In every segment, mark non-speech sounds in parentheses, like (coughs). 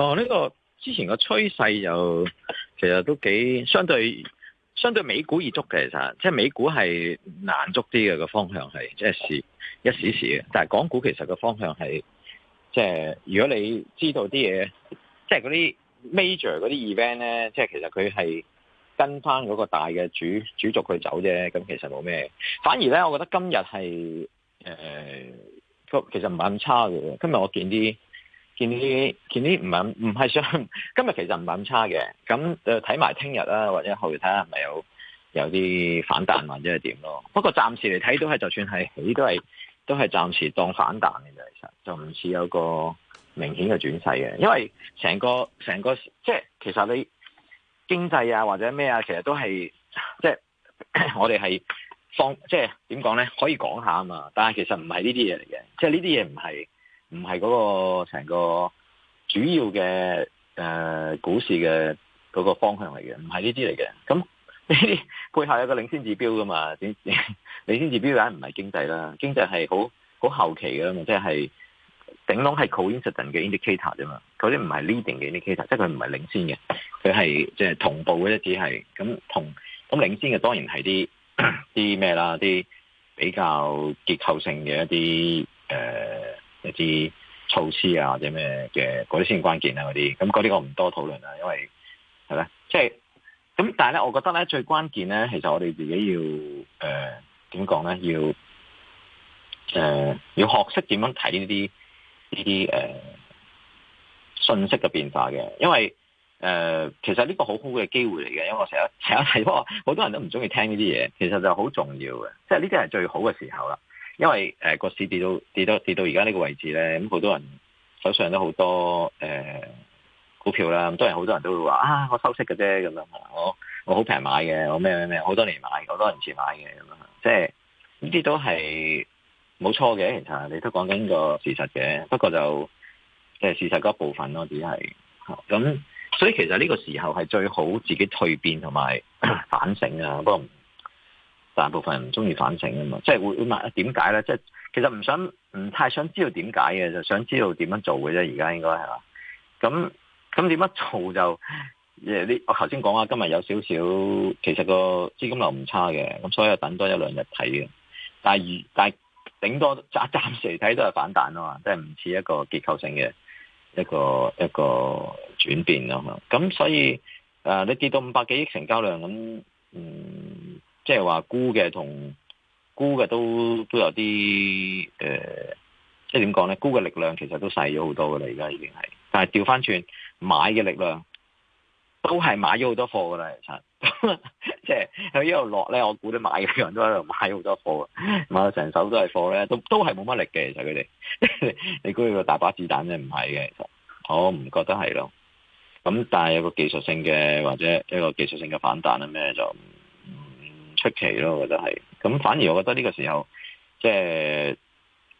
哦，呢、這個之前個趨勢又其實都幾相對相對美股易捉嘅，其實即係美股係難捉啲嘅，個方向係即係時一時時嘅。但係港股其實個方向係即係如果你知道啲嘢，即係嗰啲 major 嗰啲 event 咧，即係其實佢係跟翻嗰個大嘅主主軸去走啫。咁其實冇咩。反而咧，我覺得今日係誒，其實唔係咁差嘅。今日我見啲。見啲見啲唔係想，今日其實唔係咁差嘅。咁睇埋聽日啦，或者後睇下係咪有有啲反彈或者係點咯？不過暫時嚟睇都係，就算係起都係都係暫時當反彈嘅啫。其實就唔似有個明顯嘅轉勢嘅，因為成個成個即係其實你經濟啊或者咩啊，其實都係即係我哋係放即係點講咧，可以講下啊嘛。但係其實唔係呢啲嘢嚟嘅，即係呢啲嘢唔係。唔係嗰個成個主要嘅誒、呃、股市嘅嗰個方向嚟嘅，唔係呢啲嚟嘅。咁呢啲背後有個領先指標噶嘛？點？領先指標梗係唔係經濟啦，經濟係好好後期㗎、就是、 (coughs) 啦，即係頂籠係 coincident 嘅 indicator 啫嘛。嗰啲唔係 leading 嘅 indicator，即係佢唔係領先嘅，佢係即係同步嘅，只係咁同咁領先嘅，當然係啲啲咩啦，啲比較結構性嘅一啲誒。呃一啲措施啊，或者咩嘅嗰啲先關鍵啦，啊，嗰啲咁嗰啲我唔多討論啦，因為係咧，即係咁，但係咧，我覺得咧，最關鍵咧，其實我哋自己要誒，點講咧，要誒，呃、要學識點樣睇呢啲呢啲誒信息嘅變化嘅，因為誒，呃、其實呢個好好嘅機會嚟嘅，因為我成日成日提過，好多人都唔中意聽呢啲嘢，其實就好重要嘅，即係呢啲係最好嘅時候啦。因為誒，個市跌到跌到跌到而家呢個位置咧，咁好多人手上都好多誒、呃、股票啦，咁都係好多人都會話啊，我收息嘅啫咁樣，我我好平買嘅，我咩咩咩，好多年買，好多年前買嘅咁樣，即係呢啲都係冇錯嘅，其實你都講緊個事實嘅，不過就即係事實嗰一部分咯，只係咁，所以其實呢個時候係最好自己蛻變同埋反省啊，不過。大部分人唔中意反省啊嘛，即係會問點解咧？即係其實唔想唔太想知道點解嘅，就想知道點樣做嘅啫。而家應該係嘛？咁咁點樣做就誒？你我頭先講啊，今日有少少，其實個資金流唔差嘅，咁所以等多一兩日睇嘅。但係如但係頂多暫暫時嚟睇都係反彈啊嘛，即係唔似一個結構性嘅一個一個轉變啊嘛。咁所以誒，你跌到五百幾億成交量咁，嗯。即係話沽嘅同沽嘅都都有啲誒、呃，即係點講咧？沽嘅力量其實都細咗好多噶啦，而家已經係。但係調翻轉，買嘅力量都係買咗好多貨噶啦，其實。即係佢一路落咧，我估啲買嘅人都喺度買好多貨，買到成手都係貨咧，都都係冇乜力嘅。其實佢哋， (laughs) 你估佢個大把子彈啫，唔係嘅。其實我唔覺得係咯。咁但係有個技術性嘅，或者一個技術性嘅反彈咧，咩就？出奇咯，我覺得係，咁反而我覺得呢個時候，即係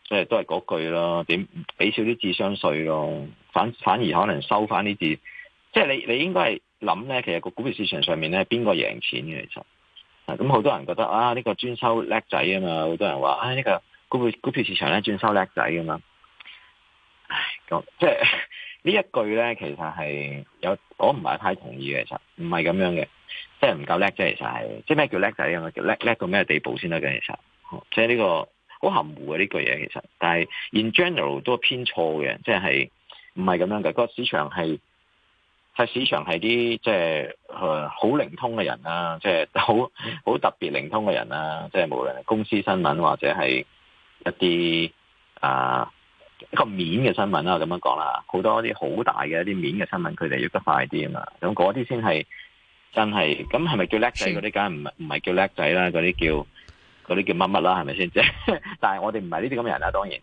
即係都係嗰句咯，點俾少啲智商稅咯，反反而可能收翻啲字，即係你你應該係諗咧，其實個股票市場上面咧，邊個贏錢嘅其實，咁好多人覺得啊，呢個專收叻仔啊嘛，好多人話，唉、啊、呢個股票股票市場咧專收叻仔啊嘛，唉，咁即係。呢一句咧，其實係有我唔係太同意嘅，其實唔係咁樣嘅，即係唔夠叻啫。其實係即咩叫叻仔啊？叫叻叻到咩地步先得嘅？其實即係呢個好含糊嘅呢句嘢其實。但係 in general 都偏錯嘅，即係唔係咁樣嘅。個市場係係市場係啲即係誒好靈通嘅人啦，即係好好特別靈通嘅人啦。即係無論係公司新聞或者係一啲啊。呃一個面嘅新聞啦，咁樣講啦，好多啲好大嘅一啲面嘅新聞，佢哋要得快啲啊嘛，咁嗰啲先係真係，咁係咪叫叻仔？嗰啲梗係唔唔係叫叻仔啦，嗰啲叫嗰啲叫乜乜啦，係咪先啫？ (laughs) 但係我哋唔係呢啲咁嘅人啦，當然，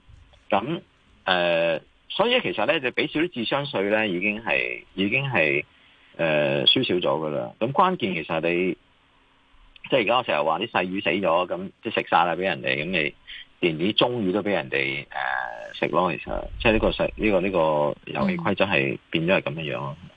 咁誒、呃，所以其實咧就俾少啲智商稅咧，已經係已經係誒、呃、輸少咗噶啦。咁關鍵其實你即係而家我成日話啲細魚死咗，咁即係食晒啦，俾人哋咁你。連啲中意都俾人哋誒，食咯，其實即係呢個食呢、呢個呢、呢個呢個遊戲規則係變咗係咁樣咯。嗯嗯。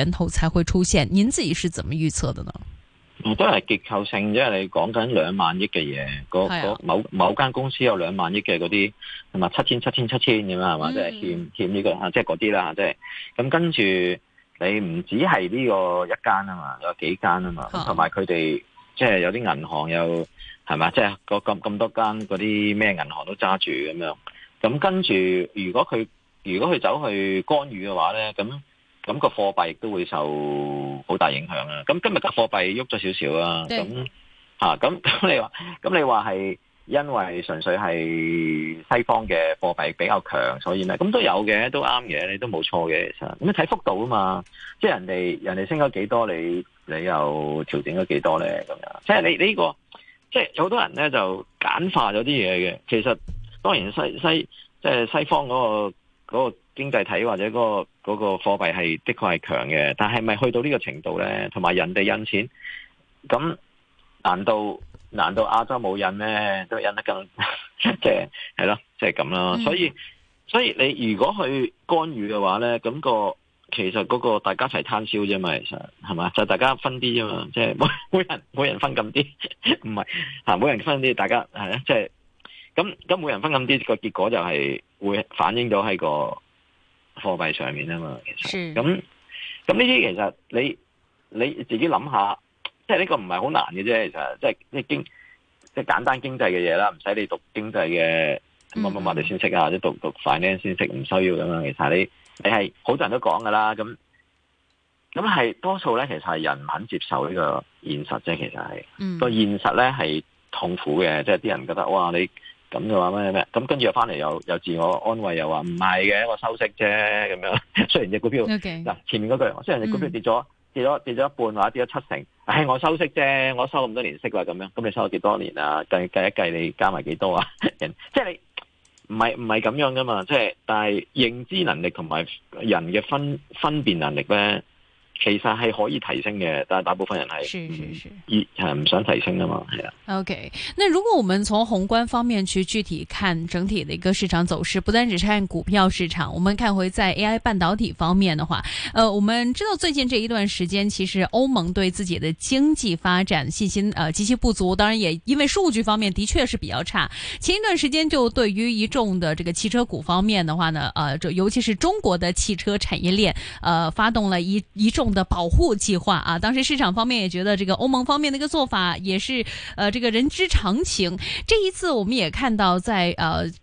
源頭才會出現，您自己是怎麼預測的呢？唔都係結構性，因為你講緊兩萬億嘅嘢、啊，某某間公司有兩萬億嘅嗰啲，係嘛七千七千七千咁、嗯就是這個、啊、係、就、嘛、是，即係欠欠呢個吓，即係嗰啲啦，即係咁跟住你唔止係呢個一間啊嘛，有幾間啊嘛，同埋佢哋即係有啲、就是、銀行又係嘛，即係咁咁多間嗰啲咩銀行都揸住咁樣，咁、嗯、跟住如果佢如果佢走去干預嘅話咧，咁。咁個貨幣亦都會受好大影響啊！咁今日嘅貨幣喐咗少少啊！咁吓咁咁你話咁你話係因為純粹係西方嘅貨幣比較強，所以呢，咁都有嘅，都啱嘅，你都冇錯嘅其實。咁你睇幅度啊嘛，即係人哋人哋升咗幾多，你你又調整咗幾多咧？咁樣即係你你呢個即係好多人咧就簡化咗啲嘢嘅。其實當然西西即係西方嗰個嗰個。經濟體或者嗰個嗰個貨幣係的確係強嘅，但係咪去到呢個程度咧？同埋人哋印錢，咁難道難道亞洲冇印咩？都印得咁即係係咯，即係咁啦。所以所以你如果去干預嘅話咧，咁個其實嗰個大家一齊攤銷啫嘛，其實係嘛，就大家分啲啫嘛，即係每每人每人分咁啲，唔係吓，每人分啲，大家係咧，即係咁咁，每人分咁啲個結果就係會反映到喺個貨幣上面啊嘛，其實咁咁呢啲其實你你自己諗下，即係呢個唔係好難嘅啫，其實即係即係經即係、就是、簡單經濟嘅嘢啦，唔使你讀經濟嘅乜乜乜哋先識啊，或者讀讀 finance 先識，唔需要咁樣。其實你你係好多人都講噶啦，咁咁係多數咧，其實係人肯接受呢個現實啫。其實係個、嗯、現實咧係痛苦嘅，即係啲人覺得哇你。咁就話咩咩？咁跟住又翻嚟，又又自我安慰又，又話唔係嘅，我收息啫咁樣。雖然隻股票嗱、okay. 前面嗰句，雖然隻股票跌咗、嗯，跌咗跌咗一半，或者跌咗七成，唉、哎，我收息啫，我收咁多年息啦，咁樣，咁你收咗幾多年啊？計計一計，你加埋幾多啊？人，即係你唔係唔係咁樣噶嘛？即係但係認知能力同埋人嘅分分辨能力咧，其實係可以提升嘅，但係大部分人係，係唔、嗯、想提升噶嘛，係啊。OK，那如果我們從宏觀方面去具體看整體的一個市場走勢，不單只是看股票市場，我們看回在 A I 半導體方面的話，呃，我們知道最近這一段時間，其實歐盟對自己的經濟發展信心，呃，極其不足。當然，也因為數據方面的確是比較差。前一段時間就對於一眾的這個汽車股方面的話呢，呃，尤其是中國的汽車產業鏈，呃，發動了一一眾。的保護計劃啊，當時市場方面也覺得這個歐盟方面的一個做法也是呃，這個人之常情。這一次我們也看到在，在呃。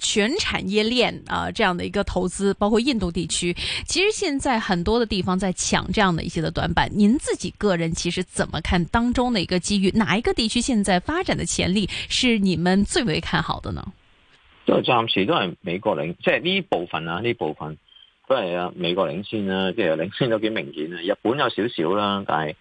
全產業鏈啊，這樣的一個投資，包括印度地區，其實現在很多的地方在搶這樣的一些的短板。您自己個人其實怎麼看當中的一個機遇？哪一個地區現在發展的潛力是你們最為看好的呢？都暫時都係美國領，即係呢部分啊，呢部分都係啊美國領先啦，即係領先都幾明顯啊。日本有少少啦，但係。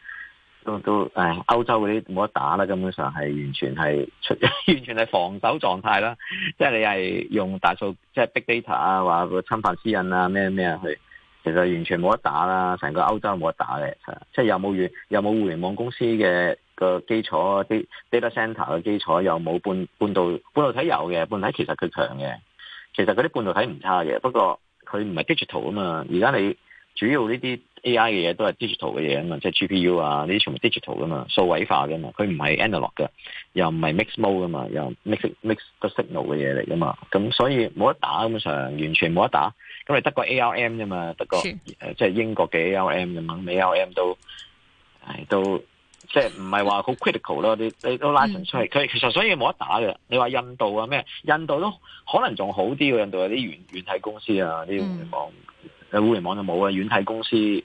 都都誒，歐洲嗰啲冇得打啦，根本上係完全係出，完全係防守狀態啦。即係你係用大數，即係 big data 啊，話個侵犯私隱啊，咩咩啊，去其實完全冇得打啦。成個歐洲冇得打嘅，即係又冇軟，又冇互聯網公司嘅個基礎啲 data center 嘅基礎，又冇半半導半導體有嘅，半導體其實佢強嘅。其實嗰啲半導體唔差嘅，不過佢唔係 digital 啊嘛。而家你主要呢啲。A.I. 嘅嘢都係 digital 嘅嘢啊嘛，即係 G.P.U. 啊，呢啲全部 digital 噶嘛，數位化噶嘛，佢唔係 analogue 嘅，又唔係 mix mode 噶嘛，又 mix mix 個 signal 嘅嘢嚟噶嘛，咁所以冇得打基本上，完全冇得打，咁你得個 ARM 啫嘛，得個即係英國嘅 ARM 啫嘛，美 ARM 都係都即係唔係話好 critical 咯，你你都拉出嚟，佢、嗯、其實所以冇得打嘅，你話印度啊咩，印度都可能仲好啲嘅，印度有啲軟軟體公司啊呢啲地方。誒，互聯網就冇啊，軟體公司誒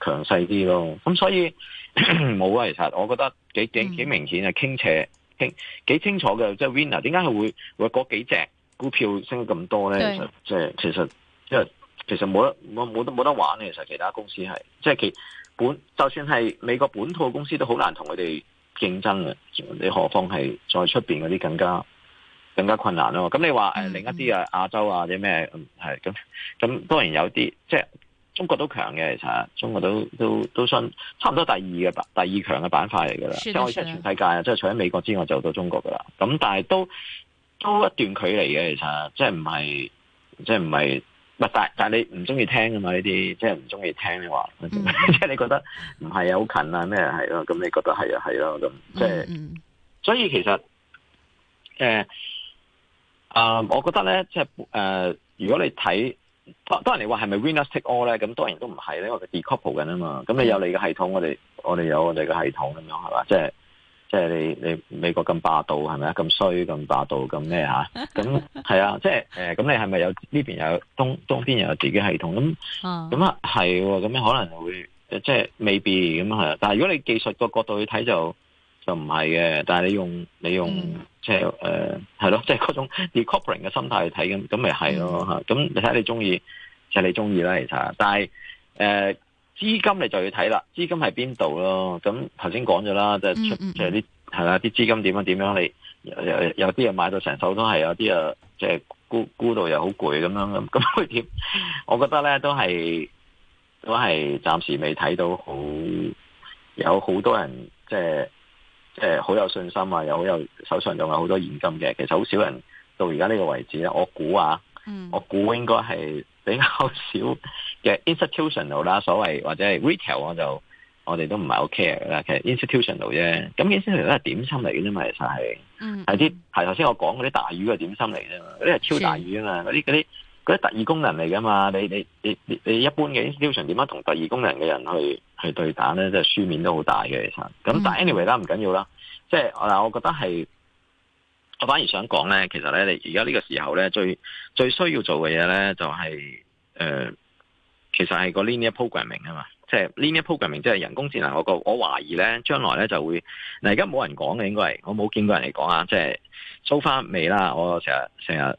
強勢啲咯，咁、嗯、所以冇啊。其實我覺得幾幾幾明顯係傾斜，傾幾清楚嘅，即係 winner。點解佢會會嗰幾隻股票升得咁多咧？即係其實即係其實冇得冇冇得冇得玩。其實其他公司係即係其本，就算係美國本土嘅公司都好難同佢哋競爭啊！你何況係再出邊嗰啲更加？更加困難咯，咁你話誒、呃，另一啲啊，亞洲啊，或者咩，嗯，係咁，咁、嗯嗯、當然有啲，即、就、係、是、中國都強嘅，其實，中國都都都相差唔多第二嘅第二強嘅板塊嚟噶啦，即係我即係全世界，即係、就是、除咗美國之外就到中國噶啦，咁但係都都一段距離嘅，其實，即係唔係，即係唔係，唔係，但但你唔中意聽噶嘛呢啲，即係唔中意聽嘅話，即、嗯、係 (laughs) 你覺得唔係好近啊咩係咯，咁、啊、你覺得係啊係咯咁，即係、嗯嗯，所以其實，誒、呃。啊、uh,，我覺得咧，即係誒，uh, 如果你睇，當然你話係咪 Winners Take All 咧，咁當然都唔係，呢。我哋 decouple 緊啊嘛，咁你有你嘅系統，我哋我哋有我哋嘅系統咁樣係嘛，即係即係你你美國咁霸道係咪啊，咁衰咁霸道咁咩咁係啊，即係誒，咁你係咪有呢邊有中中邊有自己系統咁？咁啊係，咁樣可能會即係未必。maybe 咁係，但係如果你技術個角度去睇就。又唔係嘅，但係你用你用即係誒，係咯，即係嗰種 d e c o v e r i n g 嘅心態去睇咁，咁咪係咯吓。咁你睇下你中意，就係、是呃就是、你中意啦，其實。但係誒，資、呃、金你就要睇啦，資金喺邊度咯。咁頭先講咗啦，即、就、係、是、出即係啲係啦，啲、就、資、是、金點樣點樣，你有啲人買到成手都係，有啲誒即係估估到又好攰咁樣咁，咁會點？我覺得咧都係都係暫時未睇到好有好多人即係。就是即、呃、好有信心啊！又好有手上仲有好多現金嘅，其實好少人到而家呢個位置咧。我估啊，嗯、我估應該係比較少嘅 institutional 啦，所謂或者係 retail，我就我哋都唔係好 care 㗎啦。其實 institutional 啫，咁 institutional 都係點心嚟嘅啫嘛。其實係係啲係頭先我講嗰啲大魚嘅點心嚟啫嘛。嗰啲係超大魚啊嘛。嗰啲嗰啲嗰啲特異功能嚟噶嘛。你你你你你一般嘅 institution 點樣同特異功能嘅人去？去對打咧，即係輸面都好大嘅，其實。咁但係 anyway 啦，唔緊要啦。即係嗱，我覺得係，我反而想講咧，其實咧，你而家呢個時候咧，最最需要做嘅嘢咧，就係、是、誒、呃，其實係個 linear programming 啊嘛。即係 linear programming，即係人工智能。我個我懷疑咧，將來咧就會嗱，而家冇人講嘅應該係，我冇見過人嚟講啊。即係收返尾啦，我成日成日。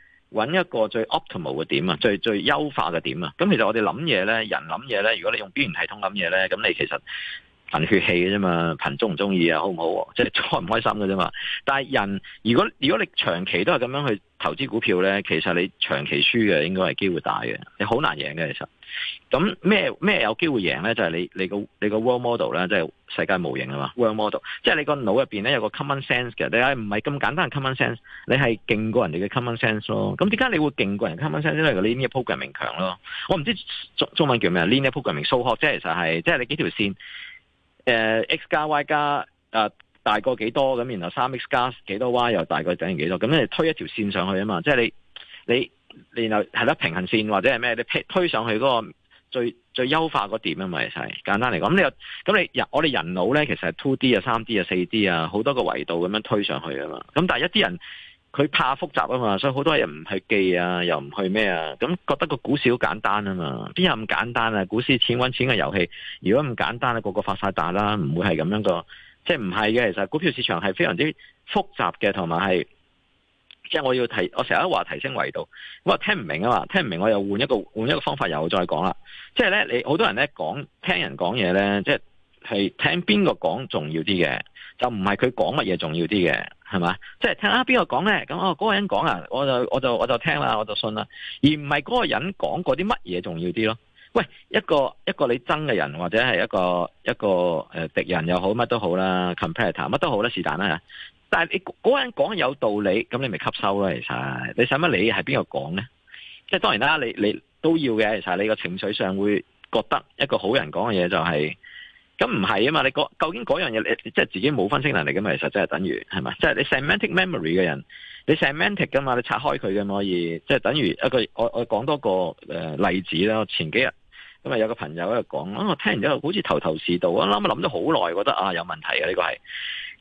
揾一個最 optimal 嘅點啊，最最優化嘅點啊，咁其實我哋諗嘢咧，人諗嘢咧，如果你用邊緣系統諗嘢咧，咁你其實憑血氣嘅啫嘛，憑鍾唔鍾意啊，好唔好？即係開唔開心嘅啫嘛。但係人如果如果你長期都係咁樣去。投資股票咧，其實你長期輸嘅應該係機會大嘅，你好難贏嘅其實。咁咩咩有機會贏咧？就係、是、你你個你個 world model 咧，即係世界模型啊嘛。world model，即係你個腦入面咧有個 common sense 嘅，你係唔係咁簡單嘅 common sense？你係勁過人哋嘅 common sense 咯。咁點解你會勁過人嘅 common sense？因為 linear programming 強咯。我唔知中中文叫咩，linear programming，數學即係其實係即係你幾條線，誒、呃、x 加 y 加、呃大過幾多咁，然後三 x 加幾多 y 又大過等於幾多，咁你推一條線上去啊嘛，即係你你，你然後係啦平衡線或者係咩，你推上去嗰個最最優化個點啊嘛。其實 2D, 3D, 啊，咪係簡單嚟講，咁你咁你人我哋人腦咧其實係 two d 啊、三 d 啊、四 d 啊，好多個維度咁樣推上去啊嘛，咁但係一啲人佢怕複雜啊嘛，所以好多人唔去記啊，又唔去咩啊，咁覺得個股市好簡單啊嘛，邊有咁簡單啊？股市錢搵錢嘅遊戲，如果咁簡單啊，個個，個發晒大啦，唔會係咁樣個。即係唔係嘅，其實股票市場係非常之複雜嘅，同埋係即係我要提，我成日都話提升維度，我話聽唔明啊嘛，聽唔明我又換一個換一個方法又再講啦。即係咧，你好多人咧講，聽人講嘢咧，即係係聽邊個講重要啲嘅，就唔係佢講乜嘢重要啲嘅，係嘛？即係聽啊邊個講咧，咁我嗰個人講啊，我就我就我就聽啦，我就信啦，而唔係嗰個人講過啲乜嘢重要啲咯。喂，一個一個你憎嘅人，或者係一個一個誒敵、呃、人又好，乜都好啦，competitor 乜都好啦，是但啦。但係你嗰人講有道理，咁你咪吸收啦。其實你使乜理係邊個講呢？即係、就是、當然啦，你你都要嘅。其實你個情緒上會覺得一個好人講嘅嘢就係咁唔係啊嘛？你究竟嗰樣嘢，即係自己冇分析能力嘅嘛？其實真係等於係咪？即係、就是、你 semantic memory 嘅人，你 semantic 噶嘛？你拆開佢咁可以，即係等於一個我我講多個誒、呃、例子啦。我前幾日。咁、嗯、啊，有個朋友喺度講，我聽完之後好似頭頭是道，我諗一諗咗好耐，覺得啊、這個、有問題啊，呢個係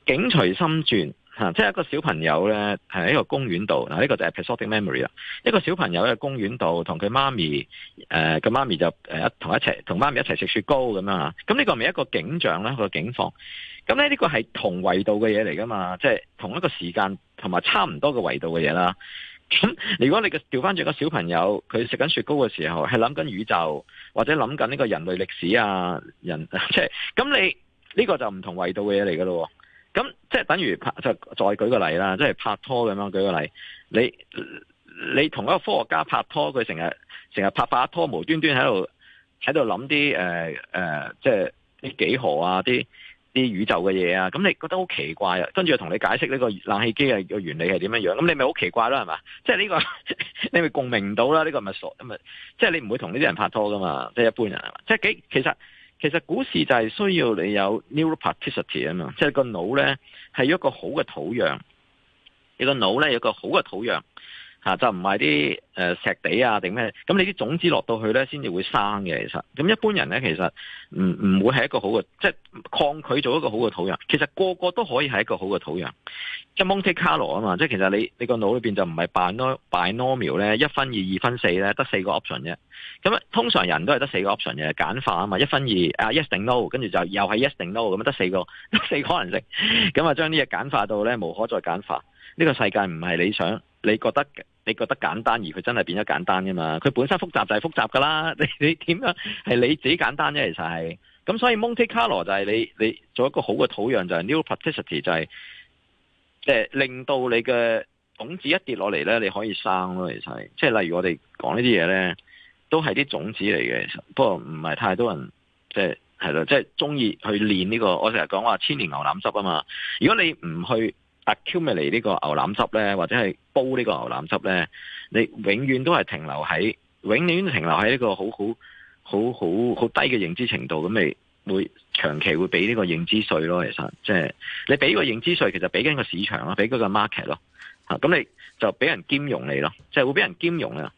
境隨心轉吓。即係一個小朋友咧，係喺個公園度，嗱、啊、呢、這個就係 episodic memory 啦，一個小朋友喺個公園度，同佢媽咪誒個、呃、媽咪就誒同、呃、一齊，同媽咪一齊食雪糕咁樣，咁呢個咪一個景象咧，個景況。咁咧，呢個係同維度嘅嘢嚟噶嘛，即係同一個時間同埋差唔多嘅維度嘅嘢啦。咁、啊、如果你嘅調翻轉個小朋友，佢食緊雪糕嘅時候，係諗緊宇宙。或者諗緊呢個人類歷史啊，人即係咁你呢個就唔同維度嘅嘢嚟噶咯，咁即係等於就再舉個例啦，即係拍拖咁樣舉個例，你你同一個科學家拍拖，佢成日成日拍拍下拖，無端端喺度喺度諗啲誒誒，即係啲幾何啊啲。啲宇宙嘅嘢啊，咁你覺得好奇怪啊？跟住又同你解釋呢個冷氣機嘅個原理係點樣樣，咁你咪好奇怪咯，係嘛？即係呢個， (laughs) 你咪共鳴唔到啦，呢、呢個咪傻，咪即係你唔會同呢啲人拍拖噶嘛，即係一般人係嘛？即係幾其實其實股市就係需要你有 neuroplasticity 啊嘛，即係個腦咧係一個好嘅土壤，你個腦咧有個好嘅土壤。嚇、啊、就唔係啲誒石地啊定咩？咁你啲種子落到去咧，先至會生嘅。其實咁一般人咧，其實唔唔會係一個好嘅，即抗拒做一個好嘅土壤。其實個個都可以係一個好嘅土壤。即係 Monte Carlo 啊嘛，即其實你你個腦裏面就唔係 binomial 咧一分二二分四咧得四個 option 啫。咁啊通常人都係得四個 option 嘅簡化嘛2，啊嘛一分二啊 yes 定 no 跟住就又係 yes 定 no 咁得四個四可能性。咁啊將呢嘢簡化到咧無可再簡化。呢、呢個世界唔係你想你覺得。你覺得簡單，而佢真係變咗簡單噶嘛？佢本身複雜就係複雜噶啦。你你點樣係你自己簡單啫？其實係咁，所以 Monte Carlo 就係你你做一個好嘅土壤，就係、是、neural plasticity 就係即係令到你嘅種子一跌落嚟咧，你可以生咯。其實係即係例如我哋講呢啲嘢咧，都係啲種子嚟嘅。不過唔係太多人即係係咯，即係中意去練呢個。我成日講話千年牛腩汁啊嘛。如果你唔去，accumulate 嚟呢個牛腩汁咧，或者係煲呢個牛腩汁咧，你永遠都係停留喺，永遠停留喺呢個好好好好好低嘅認知程度，咁你會長期會俾呢個認知稅咯。其實、就是，即係你俾個認知稅，其實俾緊個，個市場咯，俾嗰個 market 咯。吓，咁你就俾人兼容你咯，即、就、係、是、會俾人兼容啊。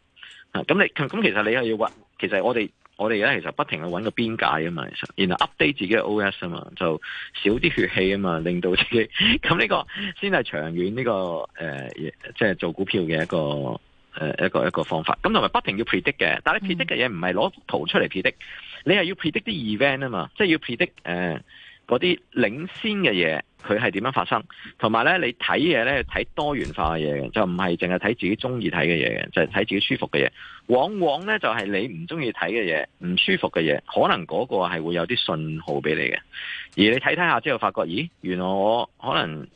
吓，咁你咁其實你係要話其實我哋。我哋咧其實不停去揾個邊界啊嘛，其實然後 update 自己嘅 OS 啊嘛，就少啲血氣啊嘛，令到自己咁呢、這個先係長遠呢、這個誒、呃，即係做股票嘅一個誒、呃、一個一個方法。咁同埋不停要 predict 嘅，但係你 predict 嘅嘢唔係攞圖出嚟 predict，你係要 predict 啲 event 啊嘛，即係要 predict 誒、呃。嗰啲領先嘅嘢，佢係點樣發生？同埋咧，你睇嘢咧，睇多元化嘅嘢嘅，就唔係淨係睇自己中意睇嘅嘢嘅，就係、是、睇自己舒服嘅嘢。往往咧，就係、是、你唔中意睇嘅嘢，唔舒服嘅嘢，可能嗰個係會有啲信號俾你嘅。而你睇睇下之後，發覺咦，原來我可能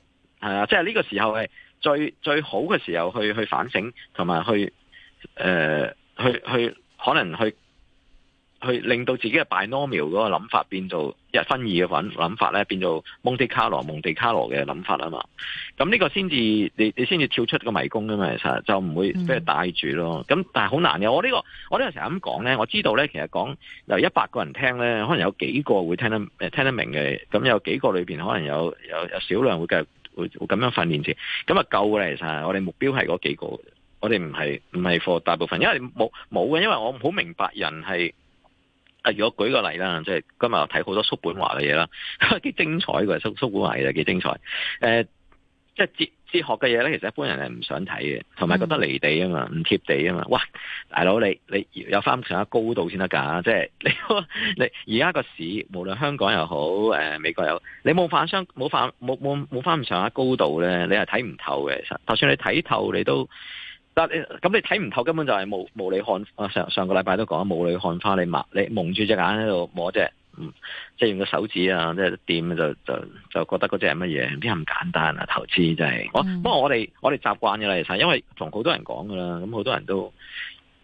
係啊，即係呢個時候係最最好嘅時候去去反省，同埋去誒、呃、去去可能去。去令到自己嘅 binomial 嗰個諗法變做一分二嘅諗諗法咧，變做蒙地卡羅蒙地卡羅嘅諗法啊嘛。咁呢個先至，你你先至跳出個迷宮啊嘛。其實就唔會俾人帶住咯。咁但係好難嘅。我呢個我呢個成日咁講咧，我知道咧，其實講由一百個人聽咧，可能有幾個會聽得誒聽得明嘅。咁有幾個裏邊可能有有有少量會繼續會咁樣訓練住。咁啊夠嘅其實我，我哋目標係嗰幾個，我哋唔係唔係 for 大部分，因為冇冇嘅，因為我唔好明白人係。如果舉個例啦，即係今日我睇好多叔本華嘅嘢啦，幾精彩嘅叔叔本華又幾精彩。誒、呃，即係哲哲學嘅嘢咧，其實一般人係唔想睇嘅，同埋覺得離地啊嘛，唔貼地啊嘛。哇！大佬，你你，你有翻唔上下高度先得㗎，即係你你而家個市，無論香港又好，誒、呃、美國又好，你冇翻上冇翻冇冇冇翻咁上下高度咧，你係睇唔透嘅。其實，就算你睇透，你都。但咁，你睇唔透，根本就係霧，霧裡看。啊，上上個禮拜都講霧裡看花，你埋你蒙住隻眼喺度摸隻，嗯，即係用個手指啊，即係掂就就就覺得嗰隻係乜嘢？邊有咁簡單啊？投資真係。我、嗯、不過我哋我哋習慣嘅啦，其實因為同好多人講噶啦，咁好多人都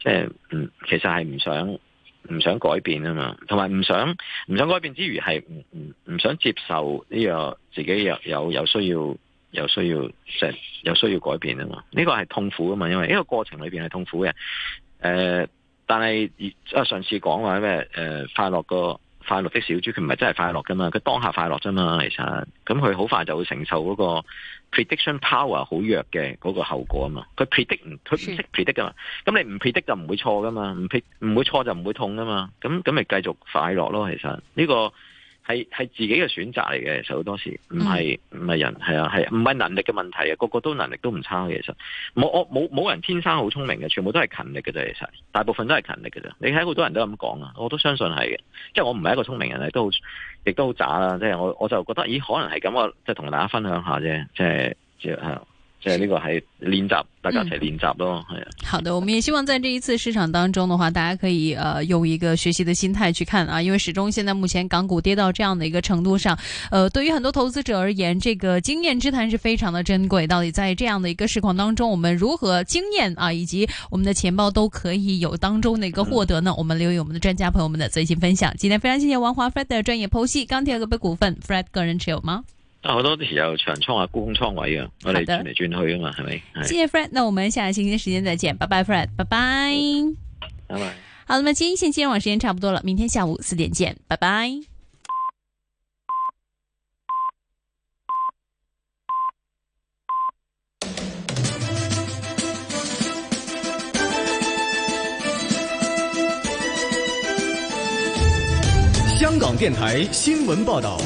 即係嗯，其實係唔想唔想改變啊嘛，同埋唔想唔想改變之餘，係唔唔唔想接受呢個自己又有有需要。有需要即係有需要改變啊嘛？呢、這個係痛苦啊嘛，因為呢個過程裏邊係痛苦嘅。誒、呃，但係上次講話咩？誒、呃，快樂個快樂的小豬，佢唔係真係快樂噶嘛？佢當下快樂啫嘛，其實。咁佢好快就會承受嗰個 prediction power 好弱嘅嗰個後果啊嘛。佢 predict 唔，佢唔識 predict 噶嘛。咁你唔 predict 就唔會錯噶嘛，唔 p r 唔會錯就唔會痛噶嘛。咁咁咪繼續快樂咯，其實呢、這個。係係自己嘅選擇嚟嘅，其實好多時唔係唔係人，係啊係，唔係能力嘅問題啊，個個都能力都唔差嘅，其實冇我冇冇人天生好聰明嘅，全部都係勤力嘅啫，其實大部分都係勤力嘅啫。你睇好多人都咁講啊，我都相信係嘅，即係我唔係一個聰明人嚟，都亦都好渣啦。即係我我就覺得，咦，可能係咁我即係同大家分享下啫，即係即係。即、就是、個係練習，大家一齊練習咯，係啊。好的，我們也希望在這一次市場當中的話，大家可以呃用一個學習的心態去看啊，因為始終現在目前港股跌到這樣的一個程度上，呃對於很多投資者而言，這個經驗之談是非常的珍貴。到底在這樣的一個市況當中，我們如何經驗啊，以及我們的錢包都可以有當中的一個獲得呢、嗯？我們留意我們的專家朋友們的最新分享。今天非常謝謝王華 Fred 的專業剖析，剛提到個別股份 Fred 個人持有嗎？好多啲時候長倉啊，高倉位啊，我哋轉嚟轉去啊嘛，係咪、啊？係、啊啊啊啊啊。謝謝 Fred，那我們下個星期嘅時間再見，拜拜，Fred，拜拜，拜拜。好啦，咁今日線間網時間差不多了，明天下午四點見，拜拜。香港電台新聞報道。